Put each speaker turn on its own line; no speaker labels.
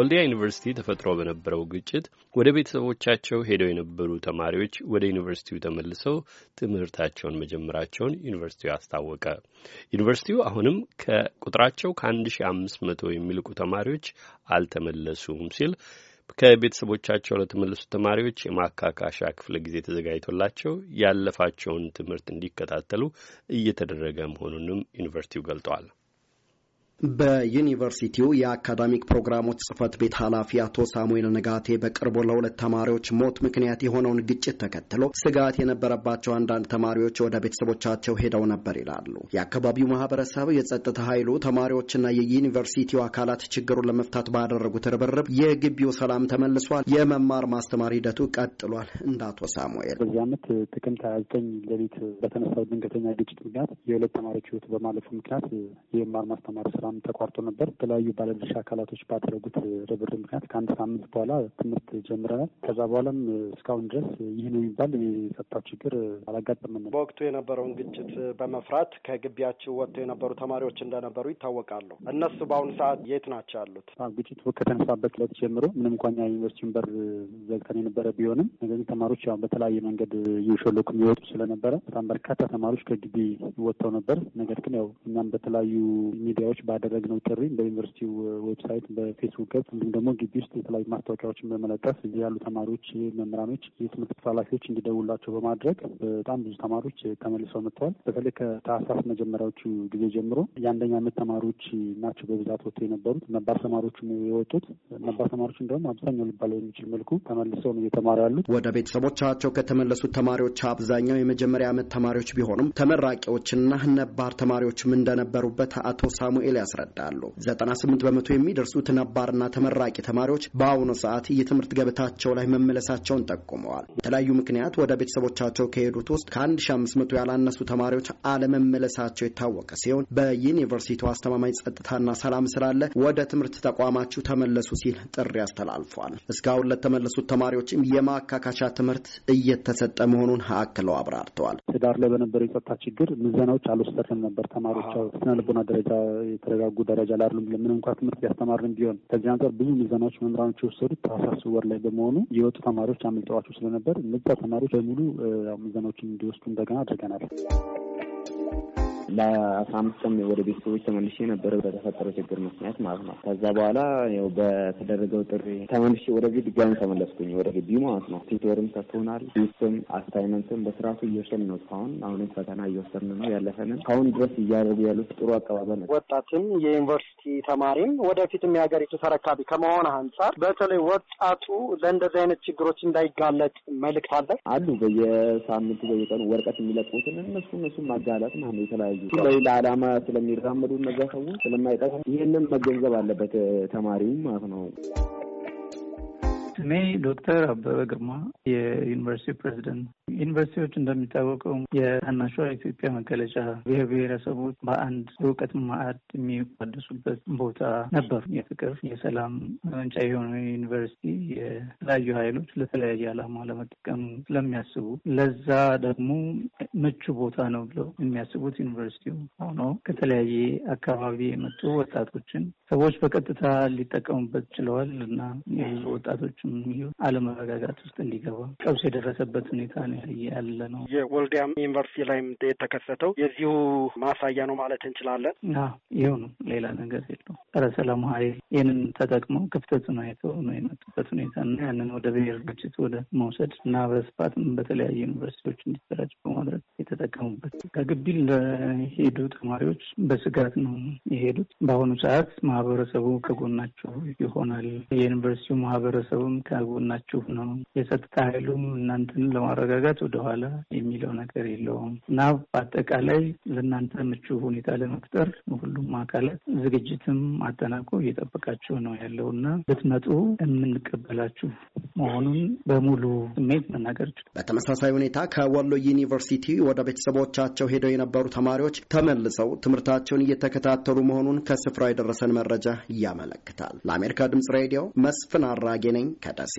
በወልዲያ ዩኒቨርሲቲ ተፈጥሮ በነበረው ግጭት ወደ ቤተሰቦቻቸው ሄደው የነበሩ ተማሪዎች ወደ ዩኒቨርሲቲው ተመልሰው ትምህርታቸውን መጀመራቸውን ዩኒቨርሲቲው አስታወቀ። ዩኒቨርሲቲው አሁንም ከቁጥራቸው ከ1500 የሚልቁ ተማሪዎች አልተመለሱም ሲል ከቤተሰቦቻቸው ለተመለሱ ተማሪዎች የማካካሻ ክፍለ ጊዜ ተዘጋጅቶላቸው ያለፋቸውን ትምህርት እንዲከታተሉ እየተደረገ መሆኑንም ዩኒቨርሲቲው ገልጠዋል። በዩኒቨርሲቲው የአካዳሚክ ፕሮግራሞች ጽህፈት ቤት ኃላፊ አቶ ሳሙኤል ንጋቴ በቅርቡ ለሁለት ተማሪዎች ሞት ምክንያት የሆነውን ግጭት ተከትሎ ስጋት የነበረባቸው አንዳንድ ተማሪዎች ወደ ቤተሰቦቻቸው ሄደው ነበር ይላሉ። የአካባቢው ማህበረሰብ፣ የጸጥታ ኃይሉ፣ ተማሪዎችና የዩኒቨርሲቲው አካላት ችግሩን ለመፍታት ባደረጉት ርብርብ የግቢው ሰላም ተመልሷል። የመማር ማስተማር ሂደቱ ቀጥሏል። እንደ አቶ
ሳሙኤል በዚህ ዓመት ጥቅምት ሀያ ዘጠኝ ሌሊት በተነሳው ድንገተኛ ግጭት ምክንያት የሁለት ተማሪዎች ህይወት በማለፉ ምክንያት የመማር ማስተማር ስራ ፕሮግራም ተቋርጦ ነበር። የተለያዩ ባለድርሻ አካላቶች ባደረጉት ርብር ምክንያት ከአንድ ሳምንት በኋላ ትምህርት ጀምረናል። ከዛ በኋላም እስካሁን ድረስ ይህ ነው
የሚባል የጸጥታው ችግር አላጋጠመን። በወቅቱ የነበረውን ግጭት በመፍራት ከግቢያቸው ወጥተው የነበሩ ተማሪዎች እንደነበሩ ይታወቃሉ። እነሱ በአሁኑ ሰዓት የት ናቸው ያሉት? ግጭቱ
ከተነሳበት ዕለት ጀምሮ ምንም እንኳን ዩኒቨርሲቲውን በር ዘግተን የነበረ ቢሆንም ነገር ተማሪዎች ያው በተለያየ መንገድ እየሾለኩ የሚወጡ ስለነበረ በጣም በርካታ ተማሪዎች ከግቢ ወጥተው ነበር። ነገር ግን ያው እኛም በተለያዩ ሚዲያዎች ያደረግነው ጥሪ በዩኒቨርሲቲው ዌብሳይት፣ በፌስቡክ ገጽ እንዲሁም ደግሞ ግቢ ውስጥ የተለያዩ ማስታወቂያዎችን በመለጠፍ እዚህ ያሉ ተማሪዎች፣ መምህራኖች፣ የትምህርት ክፍል ኃላፊዎች እንዲደውላቸው በማድረግ በጣም ብዙ ተማሪዎች ተመልሰው መጥተዋል። በተለይ ከታህሳስ መጀመሪያዎቹ ጊዜ ጀምሮ የአንደኛ ዓመት ተማሪዎች ናቸው በብዛት ወጥተው የነበሩት። ነባር ተማሪዎች የወጡት
ነባር ተማሪዎች እንዲሁም አብዛኛው ሊባል የሚችል መልኩ ተመልሰው ነው እየተማሩ ያሉት። ወደ ቤተሰቦቻቸው ከተመለሱት ተማሪዎች አብዛኛው የመጀመሪያ ዓመት ተማሪዎች ቢሆኑም ተመራቂዎችና ነባር ተማሪዎችም እንደነበሩበት አቶ ሳሙኤል ያስረዳሉ። 98 በመቶ የሚደርሱት ነባርና ተመራቂ ተማሪዎች በአሁኑ ሰዓት የትምህርት ገበታቸው ላይ መመለሳቸውን ጠቁመዋል። በተለያዩ ምክንያት ወደ ቤተሰቦቻቸው ከሄዱት ውስጥ ከ1500 ያላነሱ ተማሪዎች አለመመለሳቸው የታወቀ ሲሆን በዩኒቨርሲቲው አስተማማኝ ጸጥታና ሰላም ስላለ ወደ ትምህርት ተቋማችሁ ተመለሱ ሲል ጥሪ አስተላልፏል። እስካሁን ለተመለሱት ተማሪዎችም የማካካቻ ትምህርት እየተሰጠ መሆኑን አክለው አብራርተዋል።
ላይ በነበረው የጸጥታ ችግር ምዘናዎች አልወሰድንም ነበር። ተማሪዎች ስነልቦና ደረጃ የተረጋጉ ደረጃ ላይ አይደሉም። ለምን እንኳ ትምህርት ቢያስተማርን ቢሆን ከዚህ አንጻር ብዙ ምዘናዎች መምህራኖች የወሰዱት ታህሳስ ወር ላይ በመሆኑ የወጡ ተማሪዎች አመልጠዋቸው ስለነበር እነዛ ተማሪዎች በሙሉ ምዘናዎችን እንዲወስዱ እንደገና አድርገናል። ለአስራ አምስት ቀን ወደ ቤተሰቦች ተመልሼ ነበረ በተፈጠረው ችግር ምክንያት ማለት ነው። ከዛ በኋላ ያው በተደረገው ጥሪ ተመልሼ ወደዚህ ድጋሚ ተመለስኩኝ፣ ወደ ግቢ ማለት ነው። ቲቶርም ሰጥቶናል፣ ቤትም አስታይመንትም በስርዓቱ እየወሰን ነው። እስካሁን አሁንም ፈተና እየወሰን ነው። ያለፈንን ካሁን ድረስ እያደረጉ ያሉት ጥሩ አቀባበል ነው።
ወጣትም የዩኒቨርሲቲ ተማሪም ወደፊትም የሀገሪቱ ተረካቢ ከመሆን አንጻር በተለይ ወጣቱ ለእንደዚህ አይነት ችግሮች እንዳይጋለጥ መልእክት አለ አሉ
በየሳምንቱ በየቀኑ ወረቀት የሚለቁትን እነሱ እነሱ ማጋለጥ ማለት ነው። የተለያዩ ለዓላማ ስለሚራመዱ እነዛ ሰዎች ስለማይጠቅም ይህንን መገንዘብ አለበት ተማሪውም ማለት ነው።
ስሜ ዶክተር አበበ ግርማ የዩኒቨርሲቲ ፕሬዚደንት። ዩኒቨርሲቲዎች እንደሚታወቀው የታናሿ ኢትዮጵያ መገለጫ ብሔር ብሔረሰቦች በአንድ እውቀት ማዕድ የሚቋደሱበት ቦታ ነበር። የፍቅር የሰላም መንጫ የሆነ ዩኒቨርሲቲ የተለያዩ ኃይሎች ለተለያየ ዓላማ ለመጠቀም ስለሚያስቡ ለዛ ደግሞ ምቹ ቦታ ነው ብለው የሚያስቡት ዩኒቨርሲቲ ሆኖ ከተለያየ አካባቢ የመጡ ወጣቶችን ሰዎች በቀጥታ ሊጠቀሙበት ችለዋል እና የብዙ ወጣቶች አለመረጋጋት ውስጥ እንዲገባ ቀውስ የደረሰበት ሁኔታ ነው ያለ ነው።
የወልዲያም ዩኒቨርሲቲ ላይም የተከሰተው የዚሁ ማሳያ ነው ማለት እንችላለን። ይኸው ነው፣ ሌላ ነገር የለው።
ጸረ ሰላም ኃይል ይህንን ተጠቅመው ክፍተቱን አይተው ነው የመጡበት ሁኔታ እና ያንን ወደ ብሔር ግጭት ወደ መውሰድ እና በስፋትም በተለያዩ ዩኒቨርሲቲዎች እንዲሰራጭ በማድረግ የተጠቀሙበት ከግቢ ለሄዱ ተማሪዎች በስጋት ነው የሄዱት። በአሁኑ ሰዓት ማህበረሰቡ ከጎናቸው ይሆናል። የዩኒቨርሲቲው ማህበረሰቡ ሁሉም ከጎናችሁ ነው፣ የጸጥታ ኃይሉም እናንተን ለማረጋጋት ወደኋላ የሚለው ነገር የለውም እና በአጠቃላይ ለእናንተ ምቹ ሁኔታ ለመፍጠር ሁሉም አካላት ዝግጅትም አጠናቆ እየጠበቃችሁ ነው ያለው እና ብትመጡ የምንቀበላችሁ መሆኑን በሙሉ ስሜት መናገር
በተመሳሳይ ሁኔታ ከወሎ ዩኒቨርሲቲ ወደ ቤተሰቦቻቸው ሄደው የነበሩ ተማሪዎች ተመልሰው ትምህርታቸውን እየተከታተሉ መሆኑን ከስፍራው የደረሰን መረጃ ያመለክታል። ለአሜሪካ ድምጽ ሬዲዮ መስፍን አራጌ ነኝ ከደሴ